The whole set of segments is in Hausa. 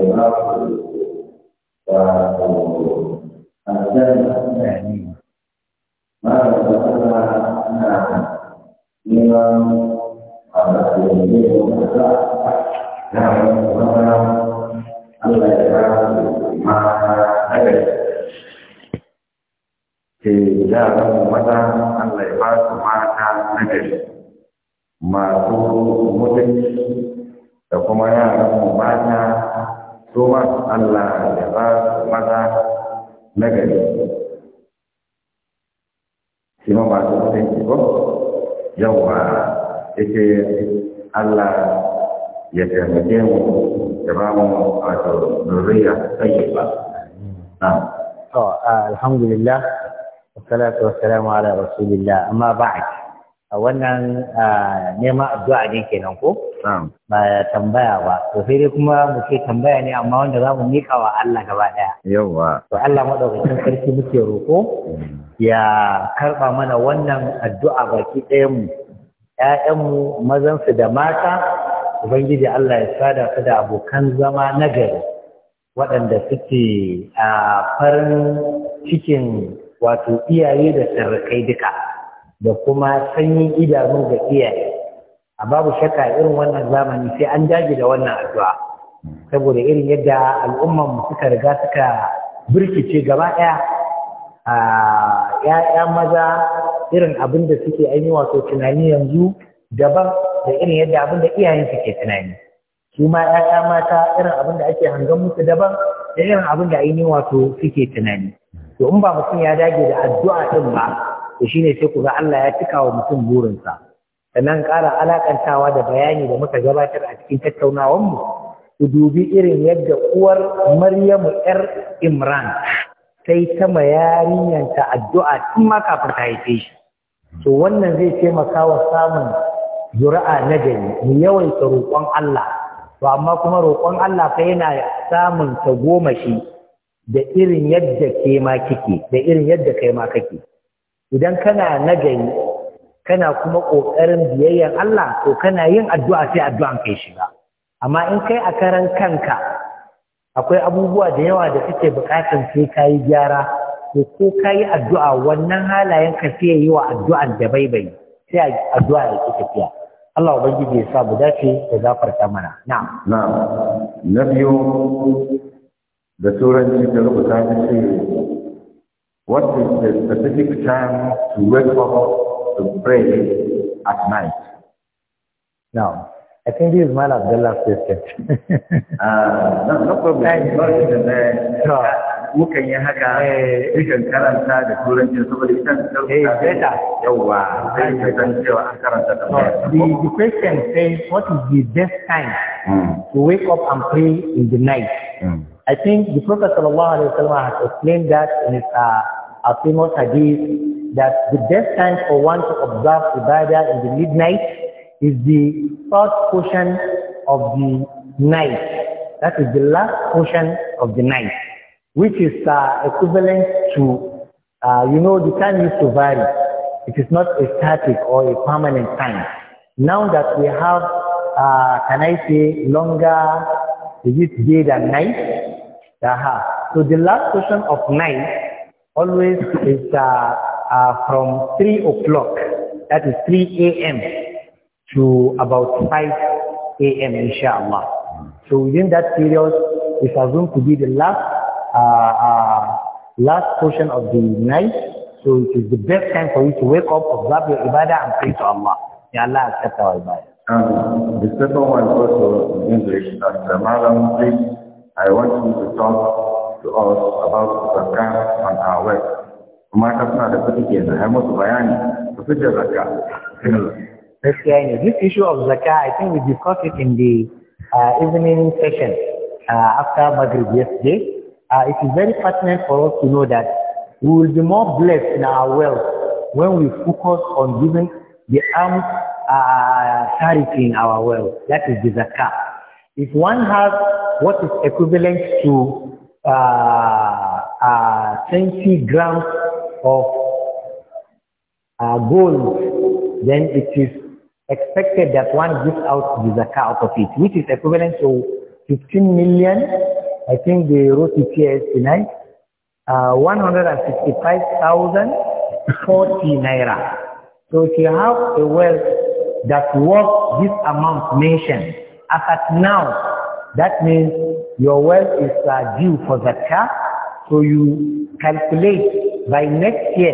العراق والجنة ما na gari masu mutunci da kuma yaran mata Roma Allah ya ba su maza na gari. Shi ma ba su mutunci ko? Yawwa yake Allah ya taimake mu ya ba mu wato zuriya tsaye ba. To, oh, alhamdulillah, wassalatu wassalamu ala rasulillah, amma ba'a. a wannan neman addu'a ne kenan ko ba tambaya ba to sai dai kuma mu ce tambaya ne amma wanda za mu miƙa wa Allah gaba ɗaya yawa to Allah madaukakin sarki muke roko ya karɓa mana wannan addu'a baki ɗayan mu ƴaƴan mu mazan su da mata, Ubangiji Allah ya sada su da abokan zama nagari waɗanda suke a farin cikin wato iyaye da sarrakai duka. da kuma sanyin idanu ga iyaye a babu shakka irin wannan zamani sai an dage da wannan addu'a saboda irin yadda al'umman mu suka riga suka birkice gaba ɗaya a ya'ya maza irin abin da suke ainihin wato tunani yanzu daban da irin yadda abin da iyayen suke tunani su ma ya'ya mata irin abin da ake hangen musu daban da irin abin da ainihin wato suke tunani to in ba mutum ya dage da addu'a din ba to ne sai ku ga Allah ya cika wa mutum burinsa sannan ƙara alaƙantawa da bayani da muka gabatar a cikin tattaunawanmu ku dubi irin yadda uwar Maryamu ƴar Imran sai ta mayarinyanta addu'a tun ma kafin ta haife shi to wannan zai taimaka wa samun zuri'a na gari mu yawaita roƙon Allah to amma kuma roƙon Allah fa yana samun ta goma shi da irin yadda ke kike da irin yadda kai ma kake idan kana nagari kana kuma ƙoƙarin biyayyan Allah to kana yin addu'a sai addu'an kai shiga amma in kai a karan kanka akwai abubuwa da yawa da suke buƙatar sai ka yi gyara to ko ka yi addu'a wannan halayen ka sai yi wa addu'an da baibai sai addu'a ya ki tafiya Allah ubangiji ya sa mu dace da zafarta mana na'am na'am na biyu da turanci da rubuta ta What is the specific time to wake up to pray at night? Now, I think this is Mal Abdullah's question. uh, no, no problem. Sure. Ah, Mukan yi haka, rikin eh. karanta da turanci saboda ita da beta. Yawwa, sai ka san cewa an karanta da the, the question says, what is the best time hmm. to wake up and pray in the night? Hmm. I think the Prophet sallallahu alaihi wasallam has explained that in his uh, a famous hadith that the best time for one to observe Ibadah in the midnight is the third portion of the night. That is the last portion of the night, which is uh, equivalent to, uh, you know, the time used to vary. It is not a static or a permanent time. Now that we have, uh, can I say, longer, is it day than night? Aha. So the last portion of night always is uh, uh, from 3 o'clock, that is 3 a.m. to about 5 a.m. inshallah. So within that period, it's assumed to be the last uh, uh, last portion of the night. So it is the best time for you to wake up, observe your ibadah and pray to Allah. May Allah accept our ibadah. the second one also in English, Dr. Malam, please, I want you to talk to us about zakat and our wealth mata suna da kuɗi kenan ai musu bayani su fitar zakka gaskiya ne this issue of zakka i think we discussed it in the uh, evening session uh, after maghrib yesterday uh, it is very pertinent for us to know that we will be more blessed in our wealth when we focus on giving the arms uh, charity in our wealth. That is the zakat. If one has what is equivalent to uh, uh, 20 grams of uh, gold, then it is expected that one gives out the zakah out of it, which is equivalent to 15 million. I think they wrote it here tonight. Uh, 165,040 naira. So if you have a wealth that worth this amount mentioned, as at now, That means your wealth is uh, due for zakah, so you calculate by next year,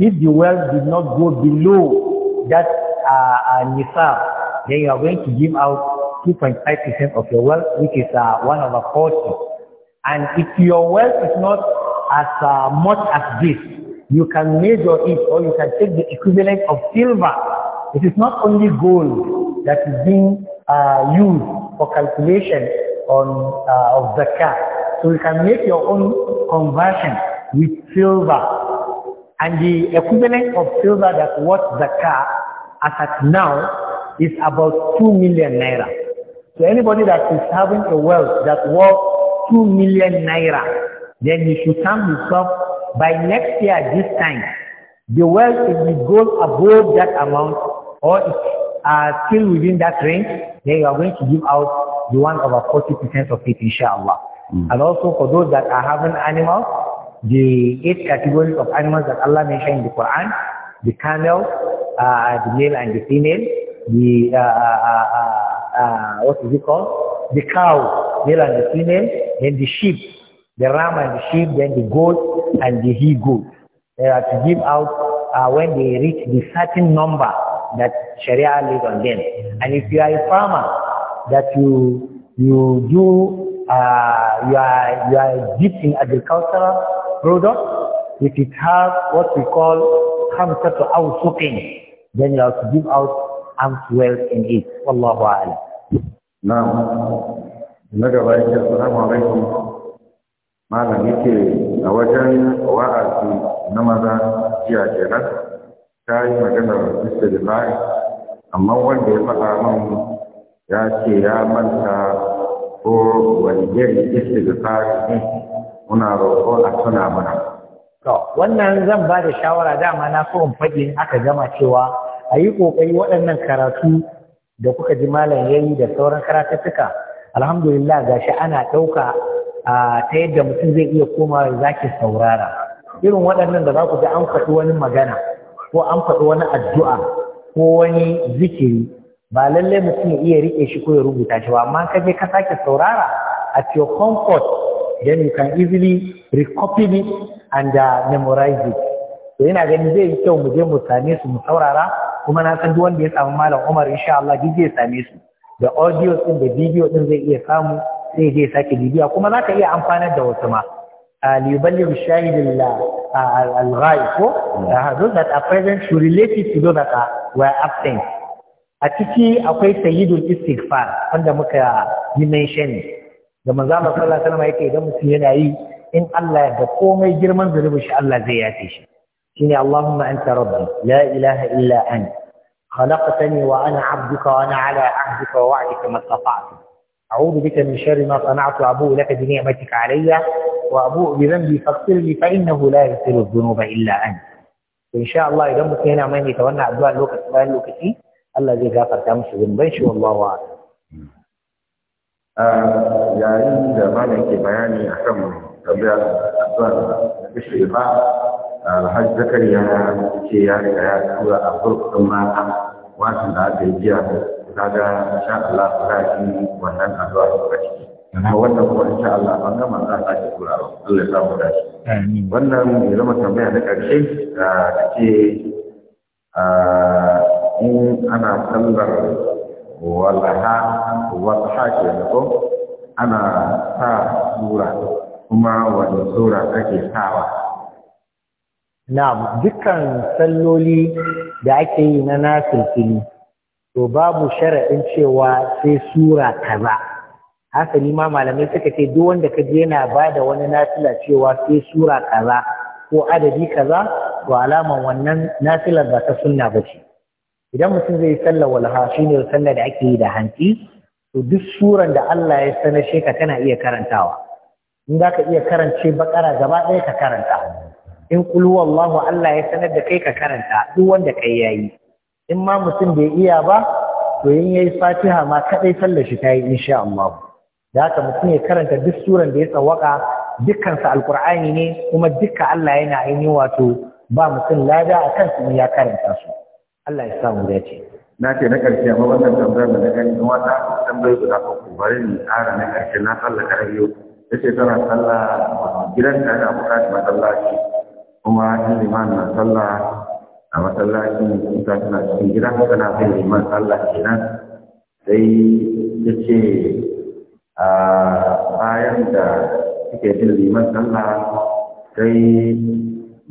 if the wealth did not go below that uh, uh, nisab, then you are going to give out 2.5% of your wealth, which is uh, 1 over 40. And if your wealth is not as uh, much as this, you can measure it or you can take the equivalent of silver. It is not only gold that is being uh, used for calculation on uh, of zakah. So you can make your own conversion with silver. And the equivalent of silver that worth zakah as at now is about 2 million naira. So anybody that is having a wealth that worth 2 million naira, then you should count yourself by next year this time. The wealth if it go above that amount or it are still within that range, then you are going to give out the one over 40% of it, inshallah. Mm. And also for those that are having animals, the eight categories of animals that Allah mentioned in the Quran, the camel, uh, the male and the female, the, uh uh, uh, uh, what is it called? The cow, male and the female, then the sheep, the ram and the sheep, then the goat and the he-goat. They are to give out uh, when they reach the certain number that Sharia laid on them. And if you are a farmer, that you you do uh, you are you are deep in agricultural product, if it has what we call hamsa to outsuking, then you have to give out arms wealth in it. Wallahu a'lam. Now, na gaba yake assalamu alaikum malam yake a wajen wa'azi na maza jiya kenan ta yi magana wa istighfari amma wanda ya faɗa min ya ce ya manta ko ya yi irin da ne muna roƙo a tuna mana to wannan zan ba da shawara dama na so in faɗi aka gama cewa a yi ƙoƙari waɗannan karatu da kuka ji malam yayi da sauran karatattuka alhamdulillah gashi ana ɗauka ta yadda mutum zai iya komawa zaki saurara irin waɗannan da za ku ji an faɗi wani magana ko an faɗi wani addu'a ko wani zikiri ba lallai mutum ya iya riƙe shi ko ya rubuta shi ba amma ka je ka sake saurara at your comfort then you can easily recopy it and uh, memorize it to yana ganin zai yi kyau mu je mu same su mu saurara kuma na san duk wanda ya samu malam Umar insha Allah duk zai same su da audio din da video din zai iya samu sai zai sake bibiya kuma za ka iya amfanar da wasu ma uh, li yuballighu shahidillah Uh, al-ghaib ko uh, those that are present to relate it to those that are were absent a ciki akwai sayyidul istighfar wanda muka yi mention da manzo Allah sallallahu alaihi wasallam yake idan mutum yana yi in Allah ya ga komai girman zunubin shi Allah zai yafe shi shine Allahumma anta rabbi la ilaha illa anta ana 'abduka wa ana 'ala 'ahdika wa wa'dika mastata'tu أعوذ بك من شر ما صنعت وأبوء لك بنعمتك علي وأبوء بذنبي فاغفر لي فإنه لا يغفر الذنوب إلا أنت إن شاء الله إذا مت هنا من يتولى الدعاء لوكس باين لوكسي الله زي غفر تامس ذنبين شو الله أعلم yayin da malam ke bayani a kan tabbiyar addu'ar kashe ba alhaji zakari ce ya riga ya tura a burkutun mata wasan da aka yi jiya kaga insha Allah za a yi wannan addu'a da ciki na wannan kuma insha Allah an gama za a sake turawa Allah ya samu dashi wannan ya zama tambaya na ƙarshe da take in ana sallar walaha walaha ke ko ana sa sura kuma wani sura kake sawa Na'am, dukkan salloli da ake yi na fili to babu shara'in cewa sai sura kaza haka ni ma malamai suka ce duk wanda ka je yana ba da wani nafila cewa sai sura kaza ko adadi kaza to alaman wannan nafilar ba ta sunna ba ce idan mutum zai sallar walha shine sallar da ake yi da hanci to duk suran da Allah ya sanar ka kana iya karantawa in za ka iya karance bakara gaba ɗaya ka karanta in kulu wallahu Allah ya sanar da kai ka karanta duk wanda kai yayi in ma mutum bai iya ba to in yayi fatiha ma kadai sallar shi tayi insha Allah da haka mutum ya karanta duk suran da ya tsawaka dukkan sa alqur'ani ne kuma dukkan Allah yana ainihin wato ba mutum lada a kansu ya karanta su Allah ya sa mu dace na ce na karshe amma wannan tambayar da na gani wata tambayar guda uku bari ni tsara na karshe na sallar ka ta ce tana sallah gidan ta yana buƙatar masallaci kuma liman na sallah a masallacin ita suna cikin gida zai neman liman sallah kenan sai ta ce a bayan da suke jin liman Allah sai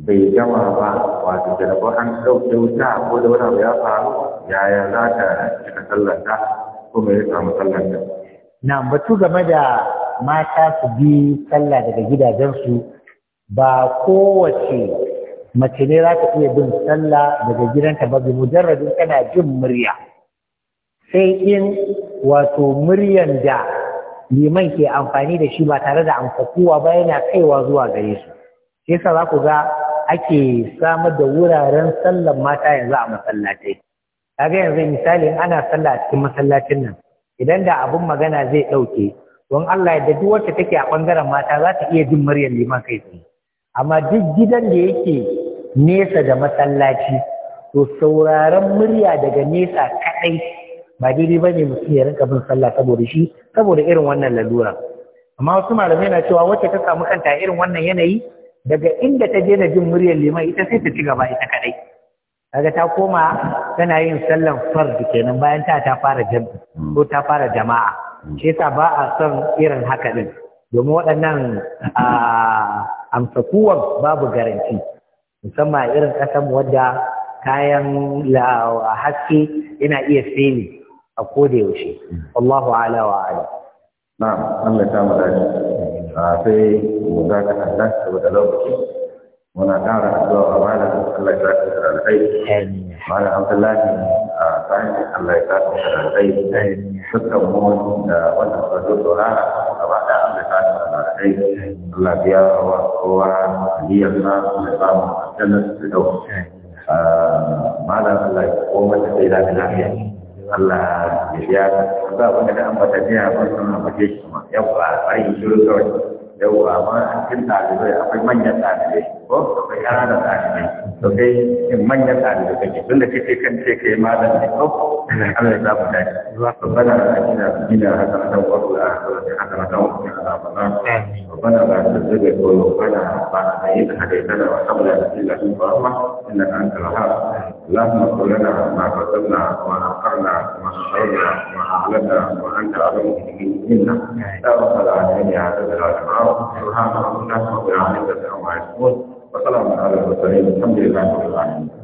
bai gama ba wato da rabu an ɗauke wuta ko da wani abu ya faru yaya za ka cika sallar ko mai rika sallar na batu game da mata su bi sallah daga gidajensu ba kowace mace ne za ta iya bin sallah daga gidanta ba mujarradin tana jin murya sai in wato muryan da liman ke amfani da shi ba tare da amfakuwa ba yana kaiwa zuwa gare su sa za ku ga ake samar da wuraren sallan mata yanzu a masallatai kaga yanzu misali ana sallah a cikin masallacin nan idan da abun magana zai ɗauke don Allah yadda duk wacce take a ɓangaren mata za ta iya jin muryar liman kai tsaye amma duk gidan da yake nesa da masallaci to sauraron murya daga nesa kadai ba daidai ba ne mutum ya rinka bin sallah saboda shi saboda irin wannan lalura amma wasu malamai na cewa wacce ta samu kanta irin wannan yanayi daga inda ta je na jin muryar liman ita sai ta ci gaba ita kadai kaga ta koma tana yin sallan fard kenan bayan ta ta fara jami'a ko ta fara jama'a shi yasa ba a son irin haka din domin waɗannan ah, amsakuwan babu garanti musamman irin ƙasar wadda kayan haske yana iya seli a koda yaushe Allahu ala wa ala na'am Allah ta mu dace sai mu ga ka Allah saboda lokaci muna ƙara addu'a wa malam Allah ya saka da alkhairi amin Abdullahi a sai Allah ya saka da alkhairi amin dukkan mu da wannan fadu dora gaba da Allah ya da alkhairi Allah biya wa kowa aliyarsa da samun aljannar su dau malam Allah ya koma da sai zafi lafiya Allah ya biya ba wanda da an bata biya ba sun na mace shi ma yau a yi shiru kawai yau ba ma a cikin ɗalibai akwai manyan ɗalibai ko akwai ƙananan ɗalibai to kai manyan ɗalibai kake tun da kake kan ce kai malam ne ko Allah ya samu dace. Rabbana atina fid dunya hasanatan wa fil akhirati hasanatan wa qina ربنا لا تزغ قلوبنا بعد إذ هديتنا وهب لنا من لدنك رحمة إنك أنت الوهاب اللهم اغفر لنا ما قدمنا وما أخرنا وما أسررنا وما أعلنا وأنت أعلم به منا يا رب العالمين يا عزيز الأشرار سبحان ربنا رب العالمين عما يصفون وسلام على المرسلين الحمد لله رب العالمين